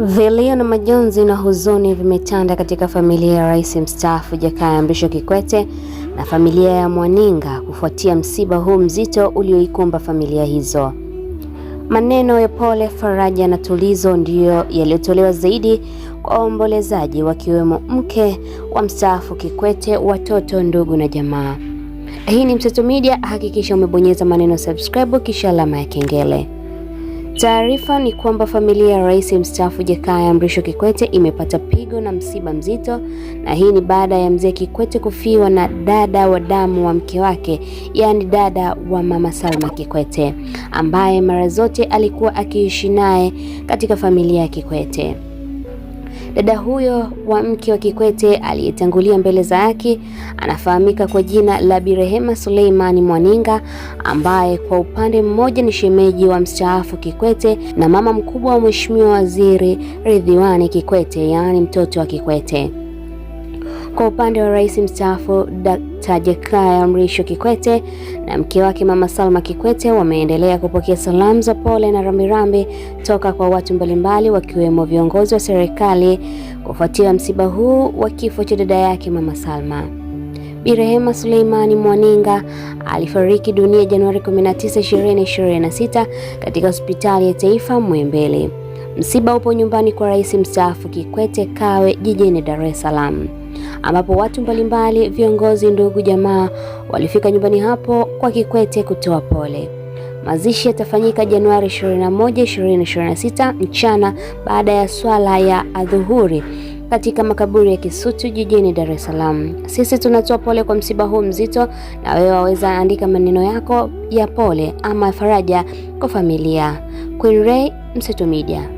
Vilio na majonzi na huzuni vimetanda katika familia ya Rais mstaafu Jakaya Mrisho Kikwete na familia ya Mwaninga kufuatia msiba huu mzito ulioikumba familia hizo. Maneno ya pole, faraja na tulizo ndiyo yaliyotolewa zaidi kwa waombolezaji, wakiwemo mke wa mstaafu Kikwete, watoto, ndugu na jamaa. Hii ni Mseto Media, hakikisha umebonyeza maneno subscribe kisha alama ya kengele. Taarifa ni kwamba familia ya Rais mstaafu Jakaya Mrisho Kikwete imepata pigo na msiba mzito, na hii ni baada ya mzee Kikwete kufiwa na dada wa damu wa mke wake, yaani dada wa mama Salma Kikwete, ambaye mara zote alikuwa akiishi naye katika familia ya Kikwete. Dada huyo wa mke wa Kikwete aliyetangulia mbele za haki anafahamika kwa jina la birehema Suleimani Mwaninga ambaye kwa upande mmoja ni shemeji wa mstaafu Kikwete na mama mkubwa wa Mheshimiwa Waziri Ridhiwani Kikwete, yaani mtoto wa Kikwete. Kwa upande wa rais mstaafu Dkt. Jakaya Mrisho Kikwete na mke wake Mama Salma Kikwete wameendelea kupokea salamu za pole na rambirambi toka kwa watu mbalimbali wakiwemo viongozi wa serikali kufuatia msiba huu wa kifo cha dada yake Mama Salma. Bi Rehema Suleimani Mwaninga alifariki dunia Januari 19, 2026 katika hospitali ya Taifa Muhimbili. Msiba upo nyumbani kwa rais mstaafu Kikwete Kawe jijini Dar es Salaam ambapo watu mbalimbali, viongozi, ndugu, jamaa walifika nyumbani hapo kwa Kikwete kutoa pole. Mazishi yatafanyika Januari 21, 2026 mchana baada ya swala ya adhuhuri katika makaburi ya Kisutu jijini Dar es Salaam. Sisi tunatoa pole kwa msiba huu mzito, na wewe waweza andika maneno yako ya pole ama faraja kwa familia. Queen Ray, Mseto Media.